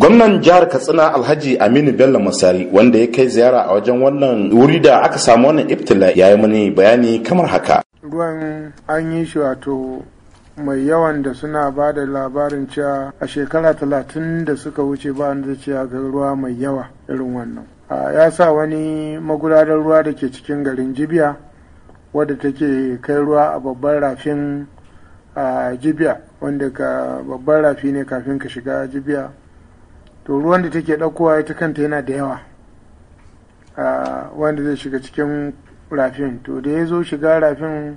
gwamnan jihar katsina alhaji aminu bello masari wanda ya kai ziyara a wajen wannan wuri da aka samu wannan iftila ya yi mani bayani kamar haka ruwan an yi shi wato mai yawan da suna ba da labarin cewa a shekara talatin da suka wuce ba da cewa ga ruwa mai yawa irin wannan ya sa wani magudanar ruwa da ke cikin garin jibiya wadda take kai ruwa a babban rafin jibiya wanda ka babban rafi ne kafin ka shiga jibiya to ruwan da take ɗaukowa ita kanta yana da yawa wanda zai shiga cikin rafin to da ya zo shiga rafin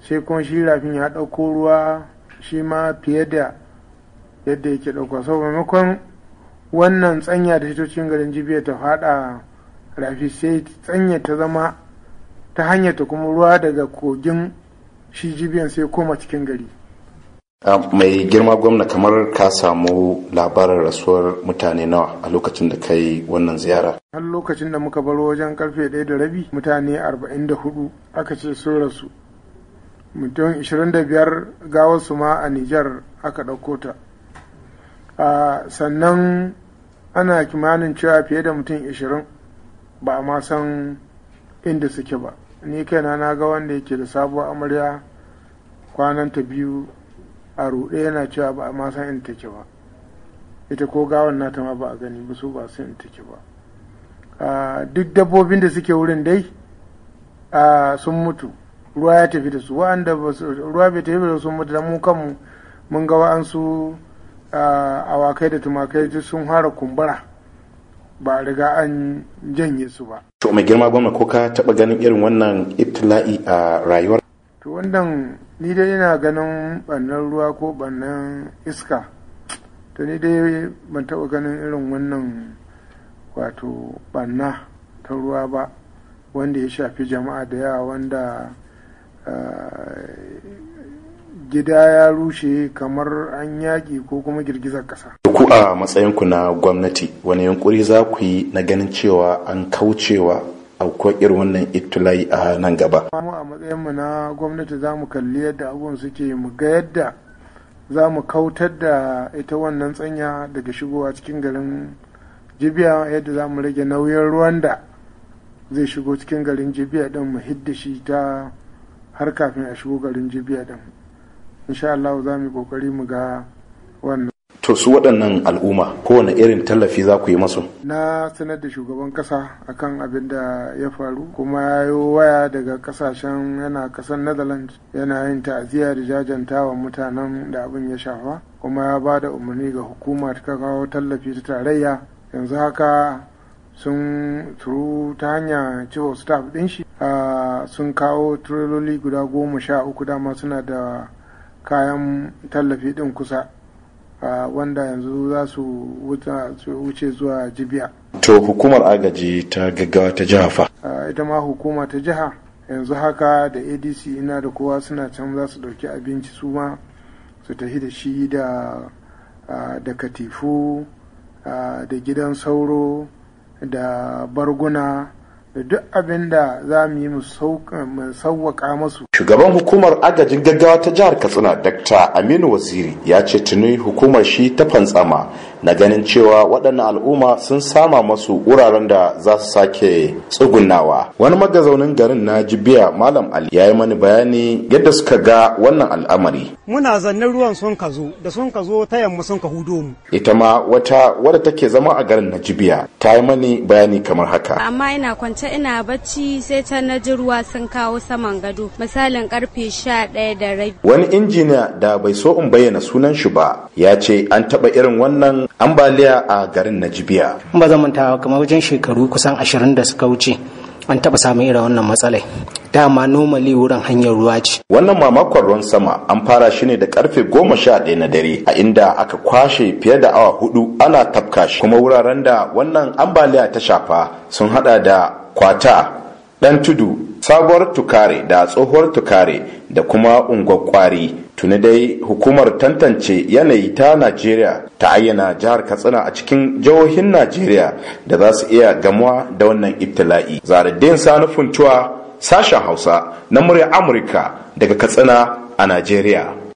sai kuma shi rafin ya ɗauko ruwa shi ma fiye da yadda yake ɗauka sau maimakon wannan tsanya da hitocin garin jibiya ta faɗa rafi sai tsanya ta zama ta hanyar ta kuma ruwa daga kogin shi jibiyan sai koma cikin gari Ah, mai girma gwamna kamar ka samu labarin rasuwar mutane nawa a lokacin da kai wannan ziyara har lokacin da muka baro wajen karfe ɗaya da rabi mutane 44 aka ce sun rasu mutum 25 wasu ma a nijar aka ɗauko ta ah, sannan ana kimanin cewa fiye da mutum 20 ba a ma san inda suke ba ni kaina na ga wanda yake da sabuwar amarya ta biyu a ruɗe yana cewa ba a ma san in take ba ita ko gawan nata ma ba a gani ba su ba su in take ba duk dabbobin da suke wurin dai sun mutu ruwa ya tafi da su wa'anda ruwa bai tafi da su mutu da mu kanmu mun ga wa'ansu awakai da tumakai duk sun fara kumbura ba a riga an janye su ba to mai girma gwamna ko ka taɓa ganin irin wannan ibtila'i a rayuwar to wannan ni dai ina ganin bannan ruwa ko bannan iska to ni dai ban taɓa ganin irin wannan wato banna ta ruwa ba wanda ya shafi jama'a da yawa wanda eh, gida ya rushe kamar an yaƙi ko kuma girgizar ƙasa. Ku a matsayinku na gwamnati wani yunkuri za ku yi na ganin cewa an kaucewa aukuwar irin wannan ibtila'i a nan gaba. mu a matsayinmu na gwamnati za mu kalli yadda abubuwan suke mu ga yadda za mu kautar da ita wannan tsanya daga shigowa cikin garin jibiya yadda za mu rage nauyin ruwan da zai shigo cikin garin jibiya din mu hidda shi ta har kafin a shigo garin jibiya din insha Allah za mu yi kokari mu ga wannan to su waɗannan al'umma kowane irin tallafi za ku yi masu na sanar da shugaban kasa akan abin da ya faru kuma ya yi waya daga kasashen yana kasar netherlands yana yin ta'aziyya da jajanta wa mutanen da abin ya shafa kuma ya ba da umarni ga hukuma ta kawo tallafi ta tarayya yanzu haka sun turu ta hanya cewa staff ɗin shi sun kawo tureloli guda goma sha uku dama suna da kayan tallafi ɗin kusa wanda yanzu za su wuce zuwa jibiya to hukumar agaji ta gaggawa ta jiha fa ita ma hukuma ta jiha yanzu haka da adc ina da kowa suna can za su ɗauki abinci su ma su tafi da shi da katifu da gidan sauro da barguna da duk abin da za mu yi mu sauwaka masu shugaban hukumar agajin gaggawa ta jihar katsina dr aminu waziri ya ce tuni hukumar shi ta fantsama na ganin cewa waɗannan al'umma sun sama masu wuraren da za su sake tsugunawa wani magazaunin garin na jibiya malam ali ya yi mani bayani yadda suka ga wannan al'amari muna zannin ruwan sun ka zo da sun ka zo ta yamma sun ka hudo mu ita ma wata wadda take zama a garin na jibiya ta yi mani bayani kamar haka amma ina kwance ina bacci sai ta na ruwa sun kawo saman gado misalin karfe 11 da rabi. Wani injiniya da bai so in bayyana sunan shi ba ya ce an taba irin wannan ambaliya a garin Najibiya. Ba zan manta kamar wajen shekaru kusan ashirin da suka wuce. an taɓa samun irin wannan matsalai dama nomali wurin hanyar ruwa ce wannan mamakon ruwan sama an fara shi ne da karfe goma sha ɗaya na dare a inda aka kwashe fiye da awa hudu ana tafka shi kuma wuraren da wannan ambaliya ta shafa sun hada da kwata ɗan tudu sabuwar tukare da tsohuwar tukare da kuma ungwakwari tuni dai hukumar tantance yanayi ta najeriya ta ayyana jihar katsina a cikin jihohin najeriya da za su iya gamuwa da wannan ibtila'i zaradin Sani Funtuwa sashen hausa na murya amurka daga katsina a najeriya